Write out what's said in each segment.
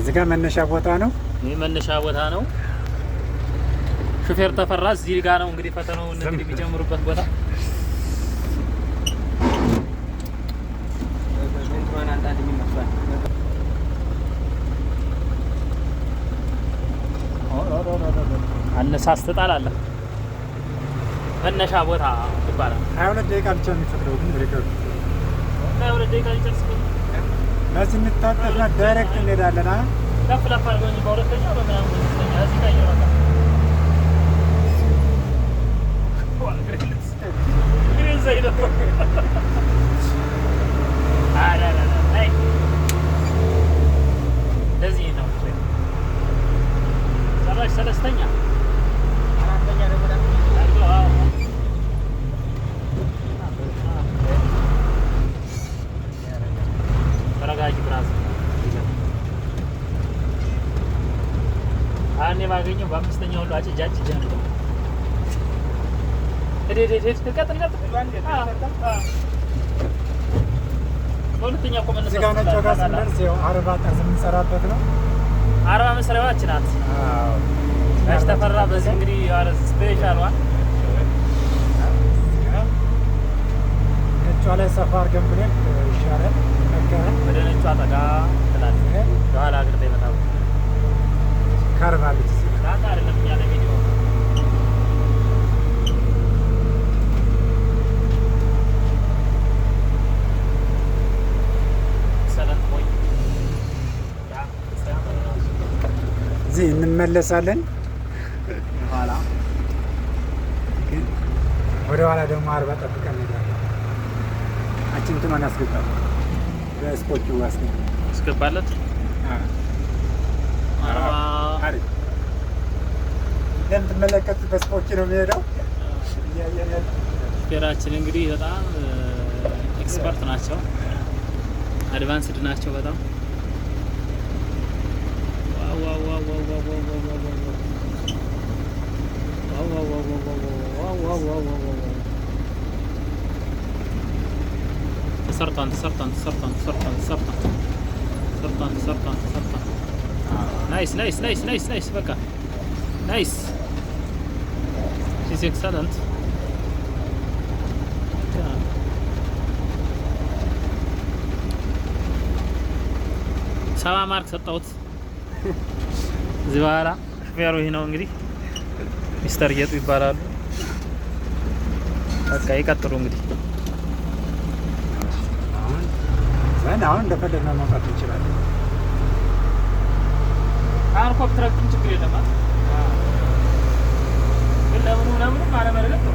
እዚህ ጋር መነሻ ቦታ ነው። ይህ መነሻ ቦታ ነው። ሹፌር ተፈራ እዚህ ጋር ነው እንግዲህ ፈተናውን እንግዲህ የሚጀምሩበት ቦታ አነሳስተጣል አለ መነሻ ቦታ ይባላል። ሀያ ሁለት ደቂቃ ብቻ የሚፈቅደው ግን ብሬከሩ ሀያ ሁለት ደቂቃ ሊጨርስ በስንታጠፍና ዳይሬክት እንሄዳለን። አርባ ጠርዝ የምንሰራበት ነው። አርባ መስሪያዎች ናት። ጋሽ ተፈራ በዚህ እንግዲህ ነጯ ላይ ሰፋ አድርገን ብለን ይሻላል። ወደ ነጯ ጠጋ እዚህ እንመለሳለን። ወደ ኋላ ደግሞ አርባ ጠብቀን እንሄዳለን። አችንትማን አስገባ በስፖቹ አስገባለት እንደምትመለከት በስፖች ነው የሚሄደው። ሹፌራችን እንግዲህ በጣም ኤክስፐርት ናቸው፣ አድቫንስድ ናቸው በጣም انتصرت انتصرت انتصرت انتصرت انتصرت انتصرت انتصرت انتصرت نايس نايس نايس نايس نايس بكا نايس شيز اكسلنت ሰባ ማርክ ሰጠሁት እዚህ በኋላ ሹፌሩ ይህ ነው እንግዲህ ሚስተር ጌጡ ይባላሉ። በቃ ይቀጥሉ እንግዲህ አሁን እንደፈለግነው መውጣት እንችላለን። አልኮፕትራክቱም ችግር የለም ግን ለምኑ ለምኑም አለመለለት ነው።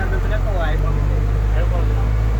那边有空调。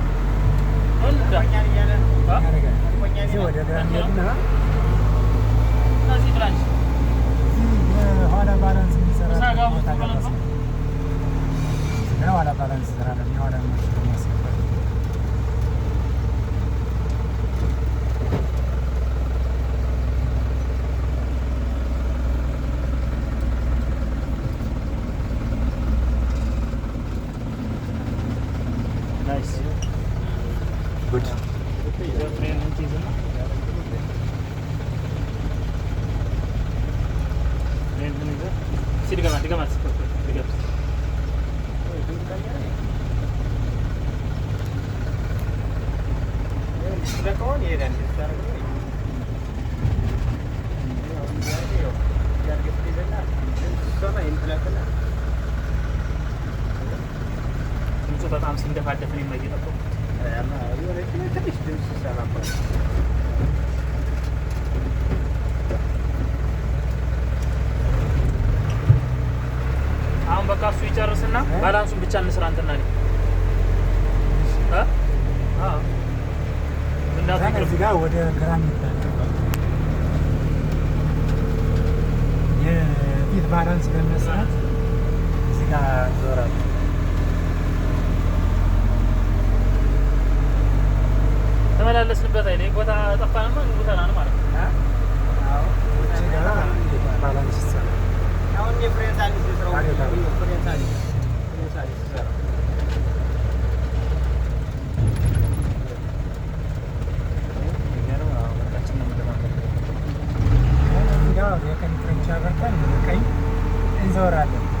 ከዚህ ወደ ግራ እንሄድና ኋላ ባላንስ የሚሰራ ኋላ ባላንስ ስራ Rekonya dan secara gue. ድምፁ በጣም ሲንደፋደፍ ነው የማየጠቁ ትንሽ ድምፅ ሲሰራበት tahu ada gerangan itu. Ya, itu barang sebenarnya saat. Jika suara. Kenapa ada sebelah ini? Gua tak tak paham, gua tak tahu mana. Tahu. Jika lah, dia perintah di sisa. Perintah Perintah Sure, Ate.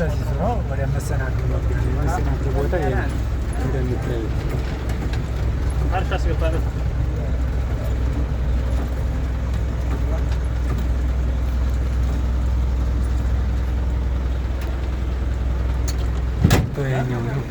በዚህ ዙሪያው ወደ መሰናክል መሰናክል ቦታ እንደሚታይ ይሄኛው